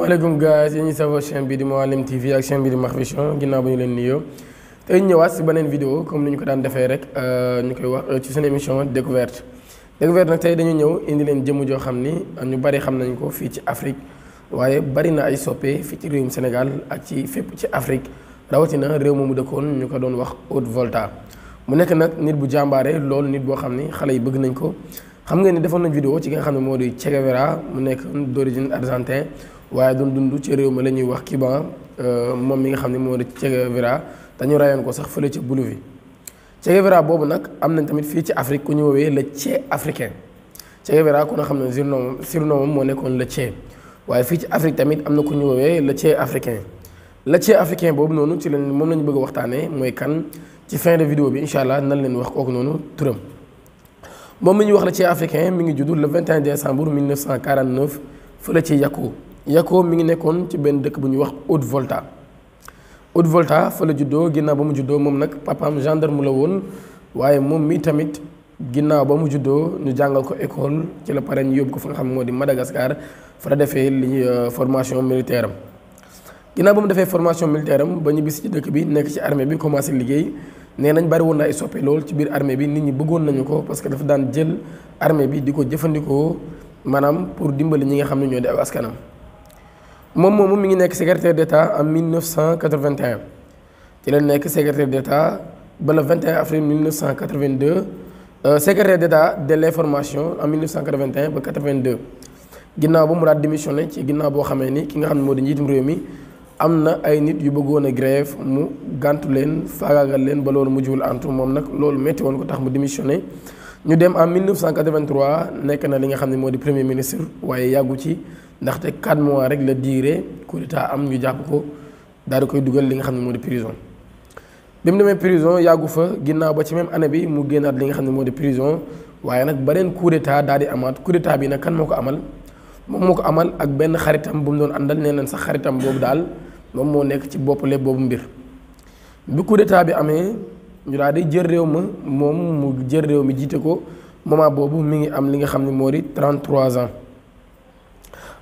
maaleykum guys yi ñuy safoo chaîne bi di Mouhalim TV ak chaîne bi di Maxvision ginnaaw ba ñu leen nuyoo tey ñëwaat si beneen vidéo comme ni ñu ko daan defee rek nu euh, koy wax euh, ci seen émission découverte découverte nag tey dañu ñëw indi leen jëmm joo xam ni ñu bari xam nañ ko fii ci Afrique waaye bari na ay soppe fii ci réewum Sénégal ak ci fépp ci Afrique rawatina réew moomu dëkkoon ñu ko doon wax Haute Volta mu nekk nag nit bu jàmbaare loolu nit boo xam ni xale yi bëgg nañ ko xam nga ni defoon nañ vidéo ci nga xam ne moo di Che mu nekk d'origine argentin waaye doon dundu ci réew ma la ñuy wax Kiban euh, moom mi nga xam ne moo di Che Guevara te ñu rayoon ko sax fële ci Bolivie Che Guevara boobu nag am nañ tamit fii ci Afrique ku ñu woowee le Che africain Che Guevara ku nga xam ne surnom surnom moo nekkoon le Che waaye fii ci Afrique tamit am na ku ñu woowee le Che africain le Che africain boobu noonu ci lañ moom la bëgg a waxtaanee mooy kan ci fin de vidéo bi incha allah nan leen wax kooku noonu turam. moom mi ñuy wax le Che africain mi ngi judd le 21 décembre 1949 fële ci Yakou. Yakko mi ngi nekkoon ci benn dëkk bu ñuy wax Haute Volta Haute Volta fa la juddoo ginnaaw ba mu juddoo moom nag papaam gendarme la woon waaye moom mi tamit ginnaaw ba mu juddoo ñu jàngal ko ecole ci la pare ñu yóbbu ko fa nga xam moo di Madagascar fa la defee li euh, formation militaire am. ginnaaw ba mu defee formation militaire ba ñu bis ci dëkk bi nekk ci armée bi commencé liggéey nee nañ bari woon na ay soppe lool ci biir armée bi nit ñi bëggoon nañu ko parce que dafa daan jël armée bi di ko jëfandikoo maanaam pour dimbali ñi nga xam ne ñoo di aw askanam. moom moomu mi ngi nekk secrétaire d'État en 1981 ci la nekk secrétaire d'État ba le 21 avril 1982 euh, secrétaire d'État de l'information en 1981 ba 82 ginnaaw ba mu daal démissionné ci ginnaaw boo xamee ni ki nga xam ne moo di njiitum réew mi am na ay nit yu bëggoon a grève mu gàntu leen faagaagal leen ba loolu mujjul antu moom nag loolu metti woon ko tax mu démissionné ñu dem en 1983 nekk na li nga xam ne moo di premier ministre waaye yàggu ci ndaxte 4 mois rek la diire coup d'état am ñu jàpp ko daal di koy dugal li nga xam ne moo di prison bi mu demee prison yàggu fa ginnaaw ba ci même année bi mu génnaat li nga xam ne moo di prison waaye nag beneen coup d'état daal di amaat coup bi nag kan moo ko amal moom moo ko amal ak benn xaritam bu mu doon àndal nee leen sax xaritam boobu daal moom moo nekk ci boppale boobu mbir bi coup bi amee ñu daal di jël réew ma moom mu jël réew mi jiite ko moment boobu mi ngi am li nga xam ne moo di 33 ans.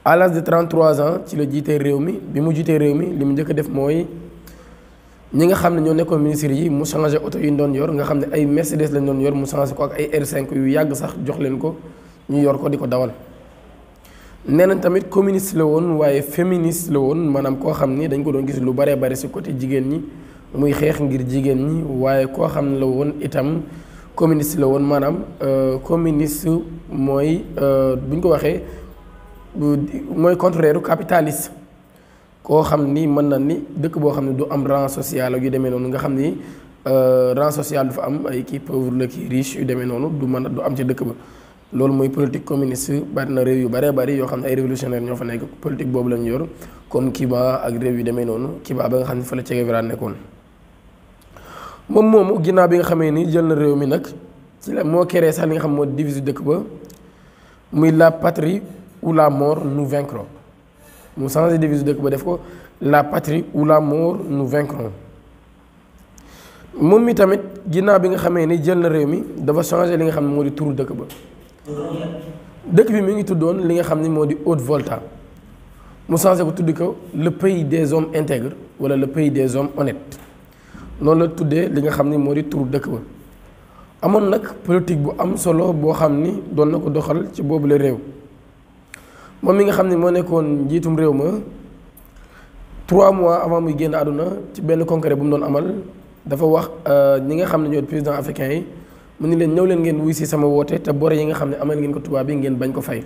à l'âge de 33 ans ci la jiitee réew mi bi mu jiitee réew mi li mu njëkk a def mooy ñi nga xam ne ñoo nekkoon ministre yi mu changé oto yi doon yor nga xam ne ay Mercedes lañ doon yor mu changé ko ak ay r cinq yu yàgg sax jox leen ko ñu yor ko di ko dawal. nee nañ tamit communiste la woon waaye féministe la woon maanaam koo xam ni dañ ko doon gis lu baree bare si côté jigéen ñi muy xeex ngir jigéen ñi waaye koo xam ne la woon itam communiste woon maanaam euh, communiste mooy euh, buñ ko waxee. mooy contraire capitaliste koo xam ni mën na ni dëkk boo xam ne du am rang social ak yu demee noonu nga xam ni euh, rang social du fa am ay kii pauvre la kii riche yu demee noonu du mën a du am ca dëkk ba loolu mooy politique communiste bari na réew yu baree bari yoo xam ne ay révolutionnaire ñoo fa nekk politique boobu lañu yor comme Cuba ak réew yu demee noonu Cuba ba nga xam ne fa la Che Guevara nekkoon moom moomu ginnaaw bi nga xamee ni jël na réew mi nag ci moo créé sax li nga xam moo divise dëkk ba muy la patrie ou la mort nous vaincrons mu changé devise dëkk ba def ko la patrie ou la mort nous vaincrons moom mi tamit ginnaaw bi nga xamee ni jël na réew mi dafa changé li nga xam ne moo di turu dëkk ba dëkk bi mu ngi tuddoon li nga xam ni moo di Haute-Volta mu changé ko tuddi ko le pays des hommes integre wala le pays des hommes honnêtes noonu la tuddee li nga xam ni moo di turu dëkk ba amoon nag politique bu am solo boo xam ni doon na ko doxal ci boobu la réew moom mi nga xam ne moo nekkoon njiitum réew ma trois mois avant muy génn àdduna ci benn congrès bu mu doon amal dafa wax euh, ñi nga xam ne ñooy président africain yi mu ni leen ñëw leen ngeen wuy si sama woote te bore yi nga xam ne amal ngeen ko tubaab bi ngeen bañ ko fay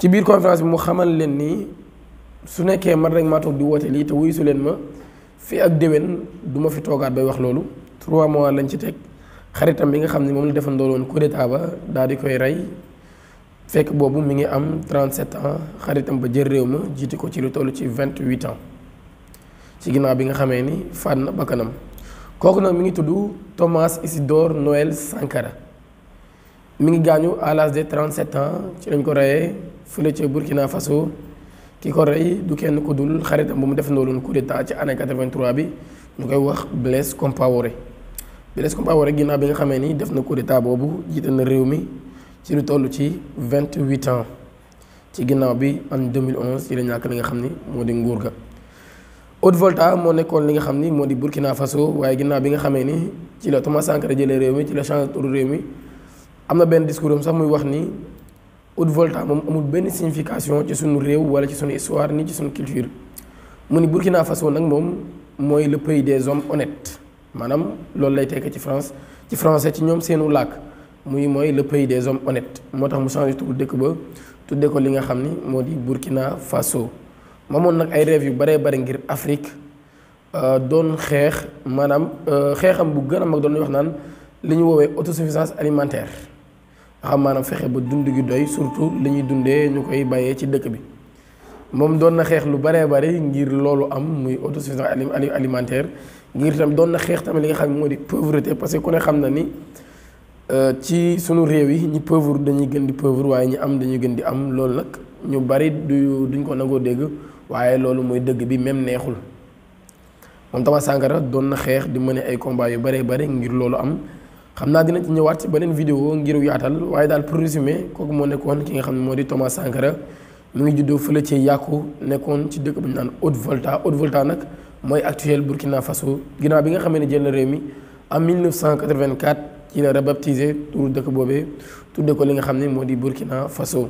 ci biir conférence bi mu xamal leen nii su nekkee man rek maa toog di woote lii te wuy su leen ma fii ak déwén du ma fi toogaat bay wax loolu trois mois lañ ci teg xaritam bi nga xam ne moom la defandooloon coup d'état ba daal di koy rey fekk boobu mi ngi am 37 ans xaritam ba jël réew ma jiite ko ci lu toll ci vingt 28 ans ci ginnaaw bi nga xamee ni faat na bakkanam kooku nag mi ngi tudd Thomas Isidore Noël Sankara mu ngi gaañu à l'âge trent 37 ans ci lañ ko reyee fële ca Burkina Faso ki ko rey du kenn ku dul xaritam bu mu def ndooloon coup d'état ci année 83 bi ñu koy wax Blaise Compaoré Blaise Compaoré ginnaaw bi nga xamee ni def na coup d'état boobu jiite na réew mi. ci lu toll ci vingt huit ans ci ginnaaw bi en 2011 ci la ñàkk li nga xam ni moo di nguur ga Haute-Volta moo nekkoon li nga xam ni moo di Burkina Faso waaye ginnaaw bi nga xamee ni ci la Thomas Sankara jële réew mi ci la changé turu réew mi am na benn discours am sax muy wax ni Haute-Volta moom amul benn signification ci suñu réew wala ci suñu histoire ni ci suñu culture mu ni Burkina Faso nag moom mooy le pays des hommes honnêtes maanaam loolu lay tekk ci France ci français ci ñoom seenu làkk muy mooy le pays des hommes honnêtes moo tax mu changé tur dëkk ba tuddee ko li nga xam ni moo di Burkina Faso moomoon nag ay rêve yu baree bari ngir Afrique euh, doon xeex maanaam euh, xeexam bu gën a mag doon wax naan li ñu woowee autosuffisance alimentaire xam maanaam fexe ba dund gi doy surtout li ñuy dundee ñu koy bàyyee ci dëkk bi moom doon na xeex lu baree bari ngir loolu am muy autosuffisance alimentaire ngir tam doon na xeex tamit li nga xam moo di pauvreté parce que ku xam na ni. Euh, ci sunu réew yi ñi pauvre dañuy gën di pauvre waaye ñi am dañuy gën di am loolu nag ñu bari du duñ ko nangoo dégg waaye loolu mooy dëgg bi même neexul moom Thomas Sankara doon na xeex di ma ne ay combat yu baree bari ngir loolu am xam naa dina ci ñëwaat ci beneen vidéo ngir yaatal waaye daal pour résumer kooku moo nekkoon ki nga xam ne moo di Thomas Sankara mu ngi juddoo fële ci yàqu nekkoon ci dëkk bu ñu naan Haute Volta Haute Volta nag mooy actuel Burkina Faso ginnaaw bi nga xamee ne jël na réew mi en 1984. ci la rebaptisé turu dëkk boobee tuddee ko li nga xam ne moo di Burkina Faso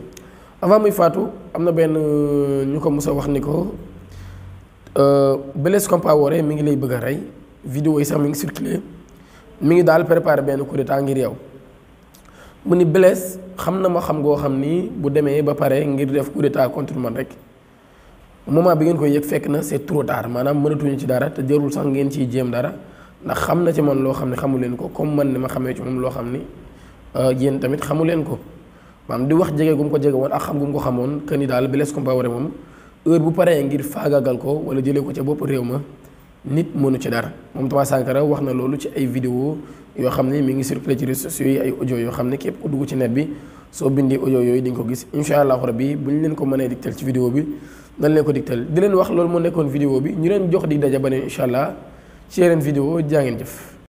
avant muy faatu am na benn euh, ñu ko musa a wax ni ko euh, Blaise Compaoré mi ngi lay bëgg rey video yi sax mi ngi circulé mi ngi daal préparé benn coup ngir yow mu ni Blaise xam na ma xam ngoo xam nii bu demee ba pare ngir def coup d'état man rek moment bi ngeen koy yëg fekk na c'est trop maanaam mënatuñu ci dara te jërul sax ngeen ciy jéem dara ndax xam na ci man loo xam ne xamu leen ko comme man ni ma xamee ci moom loo xam ni euh, yéen tamit xamu leen ko maam di wax jege gum ko jege woon ak xam gu gum ko xamoon que ni daal Blaise Compaoré moom heure bu paree ngir faagaagal ko wala jëlee ko ca bopp réew ma nit mënu ci dara moom Thomas Sankara wax na loolu ci ay vidéo yoo xam ne mi ngi circulé ci réseaux sociaux yi ay audio yoo xam ne képp ku dugg ci net bi soo bindee audio yooyu di nga ko gis incha allahu bi bu ñu leen ko mënee digtal ci vidéo bi dañ leen ko digtal di leen wax loolu moo nekkoon vidéo bi ñu leen jox di daja beneen incha allah. ci yeneen vidéo jaa ngeen jëf